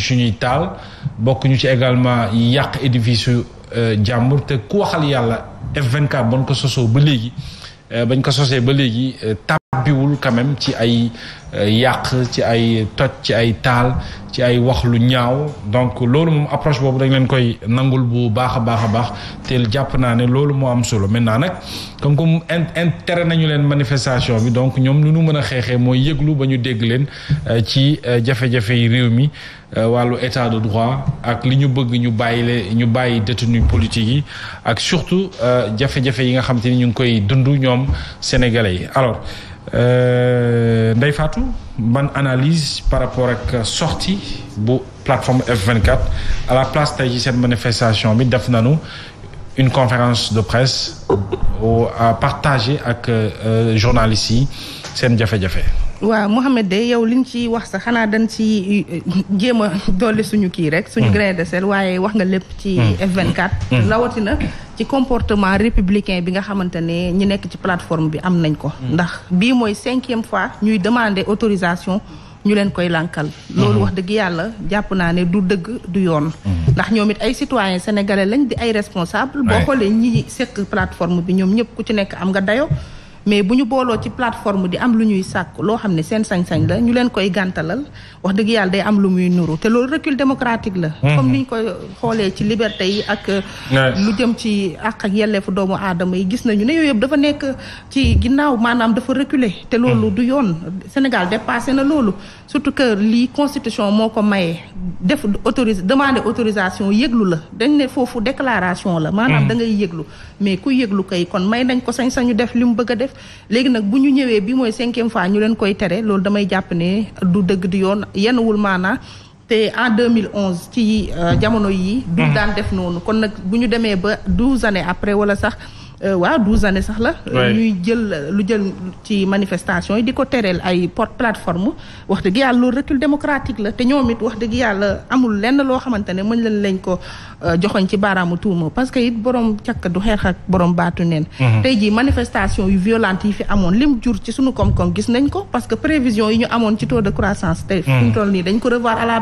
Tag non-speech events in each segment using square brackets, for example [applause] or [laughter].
suñuy taal bokk ñu ci également yàq édifice euh, jàmbur te ku waxal yàlla F24 bañ ko sosoo ba léegi euh, bañ ko sosee ba léegi euh, tàbbiwul quand même ci ay yàq ci ay toj ci ay taal ci ay wax lu ñaaw donc loolu moom approche boobu dañ leen koy nangul bu baax a baax a baax te jàpp naa ne loolu moo am solo maintenant nag comme comme intérêt nañu leen manifestation bi donc ñoom lu ñu mën a xeexee mooy yëglu ba ñu dégg leen euh, ci euh, jafe-jafe yi réew mi euh, wàllu état de droit ak li ñu bëgg ñu bàyyi le ñu bàyyi détenu politique yi ak surtout jafe-jafe yi nga xam te ni ñu ngi koy dund ñoom sénégalais yi alors Ndeye Fatou une analyse par rapport à la sortie de la plateforme F24 à la place de cette manifestation mais d'après une conférence de presse euh, à partager les euh, journalistes c'est un déjà fait waaw Mouhamed de yow liñ ci wax sax xanaa dañ ci euh, jéem a [laughs] dolli suñu kii rek. suñu hmm. grain de sel waaye wax nga lépp ci hmm. F24. Hmm. rawatina ci comportement républicain bi nga xamante ne ñi nekk ci plateforme bi am nañ ko. ndax bii mooy cinquième fois ñuy demander autorisation. ñu leen koy lankal loolu wax dëgg yàlla jàpp naa ne du dëgg du yoon ndax ñoom it ay citoyens sénégalais lañ di ay responsable boo xoolee ñi seq plateforme bi ñoom ñëpp ku ci nekk am nga dayo mais bu ñu booloo ci plateforme di am lu ñuy sàkk loo xam ne seen sañ-sañ la ñu leen koy gàntalal wax dëgg yàlla day am lu muy nuru te loolu recul démocratique la. Mhm. comme ni koy xoolee ci liberté yi ak. Euh, lu jëm ci àq ak yelleefu doomu aadama yi gis nañu ne yooyu yëpp dafa nekk ci ginnaaw maanaam dafa reculer te loolu mhm. du yoon Sénégal dépassé na loolu surtout que lii constitution moo ko mayee def autorise demander autorisation yëglu la dañ ne foofu déclaration la. maanaam mhm. da ngay yëglu mais kuy yëglu kay kon may nañ ko sañ-sañu def li mu bëgg def. léegi nag bu ñu ñëwee bi mooy cinquième fois ñu leen koy tere loolu damay jàpp ne du dëgg di yoon yenn maanaa te en 2011 ci euh, jamono yi du mhm. daan def noonu kon nag bu ñu demee ba douze années après wala sax Euh, waaw douze années sax la. Euh, ñuy jël lu jël ci manifestation yi di ko tereel ay porte plateforme wax dëgg yàlla loolu recul démocratique la te ñoom it wax dëgg yàlla amul lenn loo xamante ne mën leen lañ ko euh, joxoñ ci baaraamu tuuma parce que it borom càkk du xeex ak borom baatu neen. Mhm. tey jii manifestation yu violente yi fi amoon lim jur ci suñu koom-koom gis nañ ko parce que prévision yi ñu amoon ci taux de croissance tey. fi mu mhm. toll nii dañ ko revoir à la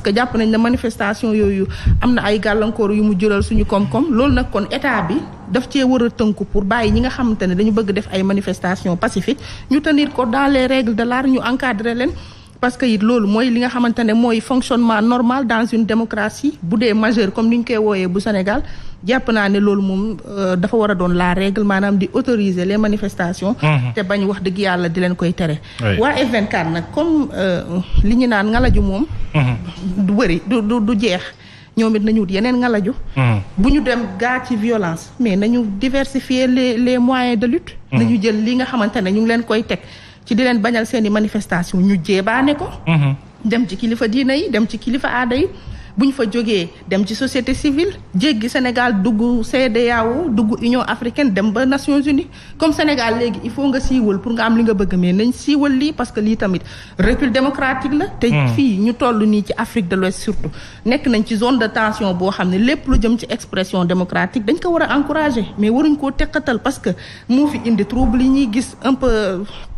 que jàpp nañ ne manifestation yooyu am na ay gàllankoor yu mu jural suñu koom loolu nag kon état bi. daf cee war a tënku pour bàyyi ñi nga xamante ne dañu bëgg def ay manifestations pacifiques ñu tenir ko dans les règles de l'art ñu encadrer leen. parce que it loolu mooy li nga xamante ne mooy fonctionnement normal dans une démocratie bu dee majeure comme ni ñu koy wooyee bu Sénégal jàpp naa ne loolu moom euh, dafa war a doon la règle maanaam di autoriser les manifestations. Mhm. te bañ wax dëgg yàlla di leen koy tere. waa F24 nag comme euh, li ñu naan ngalaju moom. Mhm. du bëri du du du jeex. ñoom it nañu wut yeneen nga laju hmm. bu ñu dem gaa ci violence mais nañu diversifier les les moyens de lutte hmm. nañu jël li nga xamante ne ñu ngi leen koy teg ci di leen bañal seen i manifestation ñu jéebaane ko hmm. dem ci kilifa diina yi dem ci kilifa aada yi bu ñu fa jógee dem ci société civile jéggi Sénégal dugg CEDEAO dugg Union africaine dem ba Nations Unies comme Sénégal léegi il faut nga siiwal pour nga am li nga bëgg mais nañ siiwal lii parce que lii tamit recul démocratique la. te hmm. fii ñu toll nii ci Afrique de l'Ouest surtout nekk nañ ci zone de tension boo xam ne lépp lu jëm ci expression démocratique dañ ko war a encourager mais waruñ koo teqatal parce que moo fi indi trouble yi ñuy gis un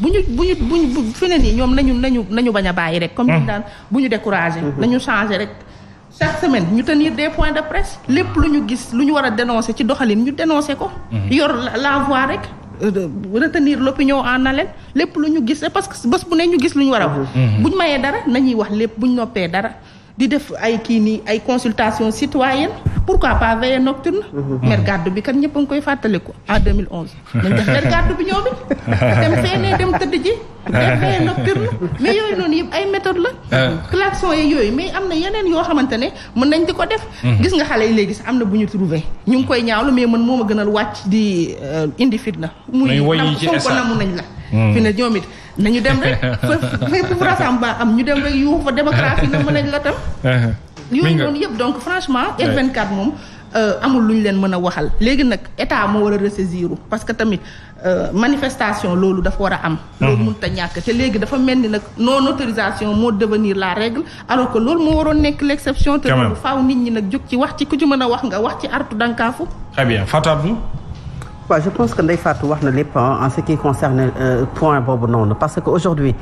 bu ñu bu ñu bu ñu fi ne nii ñoom nañu nañu nañu bañ a bàyyi rek. comme hmm. ñu daan bu ñu découragé. Hmm. nañu changé rek. chaque semaine ñu tenir des points de presse lépp lu ñu gis lu ñu war a dénoncer ci doxalin ñu dénoncer ko. Hmm. yor la voix rek. Euh, retenir l'opinion en haleine lépp lu ñu gis parce que bés bu ne ñu gis lu ñu war a wax. bu ñu mayee dara nañuy wax lépp bu ñu noppee dara. di def ay kii nii ay consultation citoyenne pourquoi pas veillée nocturne. maire mhm. gàddu bi kan ñëpp a ngi koy fàttaliku en 2011. nañ def maire gàddu bi ñoom it dem seenee dem tëdd ji. def veillée yooyu noonu yëpp ay méthode la. Ah. klaxon yi yooyu mais am na yeneen yoo xamante ne mën nañ di ko def. Mhm. gis nga xale yi léegi sax am na bu ñu trouvé. ñu ngi koy ñaawlu mais man moo a gënal wàcc di euh, indi fitna. muy woy yi ci ko nañ la. Mhm. fi ne ñoom nañu dem rek [laughs] fépp fu rassemblement am ñu dem rek yu fa démocratie na mën nañ la tam [laughs] yooyu noonu yëpp donc franchement F24 moom euh, amul lu ñu leen mën a waxal léegi nag état moo war a ressaisir parce que tamit euh, manifestation loolu dafa war a am mhm. loolu mënut a ñàkk te léegi dafa mel ni nag non autorisation moo devenir la règle alors que loolu moo waroon nekk l' exception te loolu faaw nit ñi nag jóg ci wax ci ku ci mën a wax nga wax ci artu dànkaafu très bien Fatou je pense que Ndeye Fatou ne l'est pas en ce qui concerne euh, point boobu parce que aujourd'hui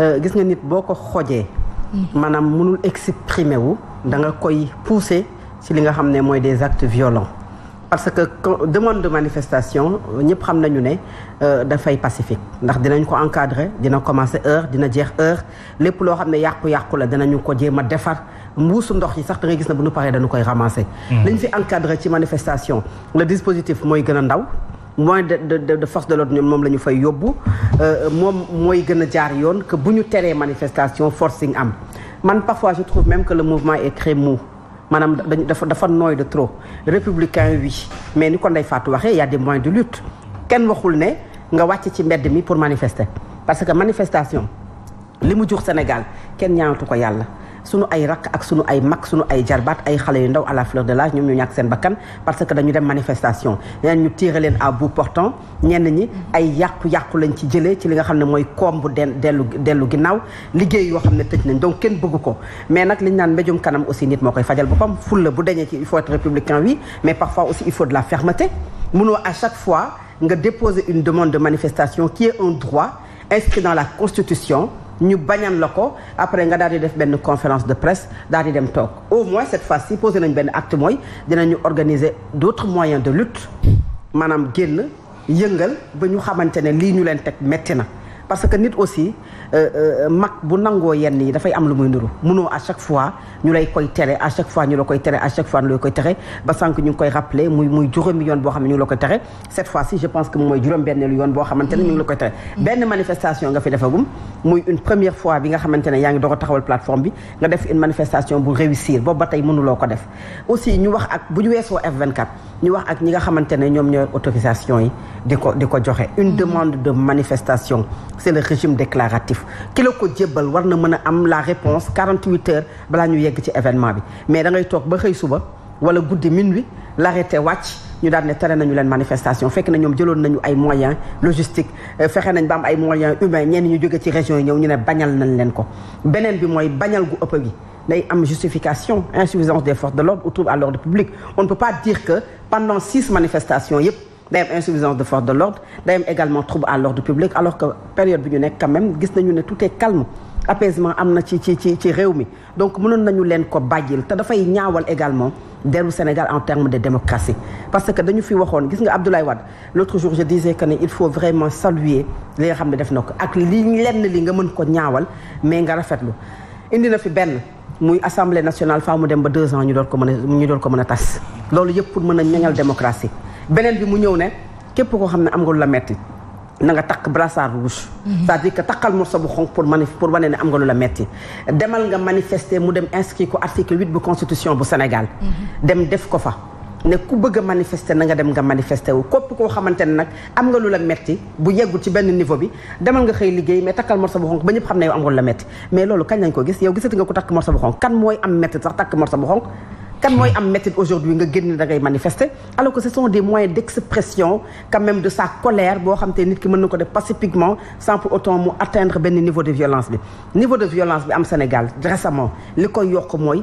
euh, gis nga nit de xojé mm. manam mënul exprimer wu da nga koy pousser ci li nga xamné moy des actes violents parce que demande de manifestation ñëpp xam nañu ne euh, dafay pacifique ndax dinañ ko encadrer dina commencer heure dina dit heure Les loo xam ne yàqu-yàqu la dinañu ko nous avons defar mbuusu ndox yi sax da ngay gis ne bu ñu paree koy ramasser. Hmm. liñ fi encadrer ci manifestation le dispositif est gën ndaw. moins de de de force de l'ordre Nous moom la ñu fay yóbbu euh, moom mooy gën a jaar yoon que bu ñu manifestation forcing am man parfois je trouve même que le mouvement est très mou manam dafa dafa noy de trop républicain oui mais ni ko Ndeye Fatou il y a des moyens de lutte ken waxul ne nga wacc ci mbedd mi pour manifester parce que manifestation limu mu Sénégal ken ñaanatu ko yalla sunu ay rak ak sunu ay mag sunu ay jarbaat ay xale yu ndaw à la fleur de l'âge ñoom ñu ñàkk seen bakkan parce que dañu dem manifestation ñeneen ñu tiire leen à bout portant ñenn ñi ay yàqu-yàqu lañ ci jëlee ci li nga xam ne mooy koom bu den dellu dellu ginnaaw liggéey yoo xam ne tëj nañ donc kenn bëgg ko mais nag liñ naan mbéjum kanam aussi nit moo koy fajal boppam fulla bu dañee ci il faut être républicain oui mais parfois aussi il faut de la fermeté munoo à chaque fois nga déposer une demande de manifestation qui est un droit inscrit dans la constitution ñu bañal la après nga daal di def benn conférence de presse daal di dem toog au moins cette fois-ci posé nañ benn acte mooy dinañu organiser d'autres moyens de lutte maanaam génn yëngal ba ñu xamante ne lii ñu leen teg metti na parce que nit aussi euh, euh, mak bu nango yenn yi da fay am lu muy nduru munoo à chaque fois ñu lay koy téré à chaque fois ñu la koy téré à chaque fois ñu lay koy téré ba sank ñu ngi koy rappelé muy muy juróomi yoon boo xam ne ñu la koy téré cette fois ci je pense que mooy juróom lu yoon boo xamante ne ñu ngi la koy téré mm. benn manifestation nga fi defagum muy une première fois bi nga xamante ne yaa ngi doog taxawal plateforme bi nga def une manifestation bu réussir boobu ba tey mënuloo ko def aussi ñu wax ak bu ñu weesoo F24 ñu wax ak ñi nga xamante ne ñoom ñooy autorisation yi di ko di ko joxe une mhm. demande de manifestation c'est le régime déclaratif ki la ko jébbal war na mën a am la réponse 48 heures bala ñu yegg ci événement bi mais da ngay toog ba xëy suba wala guddi minuit l'arrêté wàcc ñu daal ne tere nañu leen manifestation fekk na ñoom jëloon nañu ay moyens logistique euh, fexe nañ ba am ay moyens humains ñenn ñu jóge ci région yi ñëw ñu ne bañal nañ leen ko beneen bi mooy bañal gu ëpp il y a une justification insuffisance des forces de l'ordre ou trouble à l'ordre public on ne peut pas dire que pendant six manifestations il y a une insuffisance des forces de l'ordre il y a également trouble à l'ordre public alors que période est quand même gis tout est calme apaisement amna ci ci ci ci réew mi donc mënon nañu len ko bàyyil te dafay ñaawal également deru Sénégal en termes de démocratie parce que dañu fi waxoon gis nga Abdoulaye Wade l'autre jour je disais qu'il faut vraiment saluer les nga xam ne def na ko ak li lenn li nga mën ko ñaawal mais nga rafetlu indi na fi benn muy assemblée nationale faa mu dem ba deux ans ñu doon ko mën a tas loolu yëpp pour mën a ñañal démocratie beneen bi mu ñëw ne képp koo xam ne am nga lu la metti na nga takk brassard rouge mhm. c'est-à-dire que takkal morceau bu xonq pour manif pour wane ne am nga lu la metti demal nga manifester mu dem inscrit ko article 8 bu constitution bu Sénégal mhm. dem def ko fa ne ku bëgg manifester na nga dem nga manifester wu képp koo xamante ne nag am nga lu la metti bu yeggul ci benn niveau bi demal nga xëy liggéey mais takkal morso bu xonk ba ñëpp xam ne yow amul la metti mais loolu kañ lañ ko gis yow gisati nga ko takk morso bu xonk kan mooy am metti sax takk morso bu xonk kan mooy am méthode aujourd'hui nga génn da ngay manifester alors que ce sont des moyens d'expression quand même de sa colère boo xam te nit ki mën na ko def pacifiquement sans pour autant mu atteindre benn niveau de violence bi niveau de violence bi am Sénégal récemment li koy yokk mooy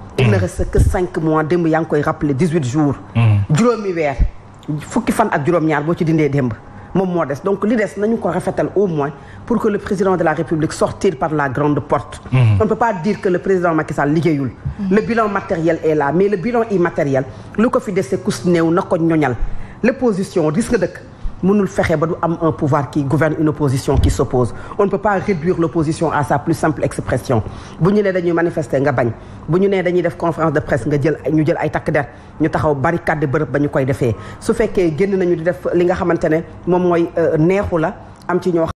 il ne reste que 5 mois demb yang koy rappeler dix jours. Mm. juróomi Il fukki fan ak juróom-ñaar bo ci dindé demb mom mo dess donc li dess nañu ko au moins pour que le président de la République sorte par la grande porte. Mm. on ne peut pas dire que le président Macky Sall liggéeyul. Mm. le bilan matériel est là mais le bilan immatériel lu ko fi dese kus néew na ko ñoñal l'opposition risque de... Nous fexe ba du am un pouvoir qui gouverne une opposition qui s'oppose on ne peut pas réduire l'opposition à sa plus simple expression bu les derniers dañuy manifester nga bañ bu ñu nee dañuy def conférence de presse nga djel ñu djel ay takk der ñu taxaw barricade bërëb ba ñu koy defee su fekkee génn nañu di def li nga xamante ne moom mooy euh, la am ci ñoo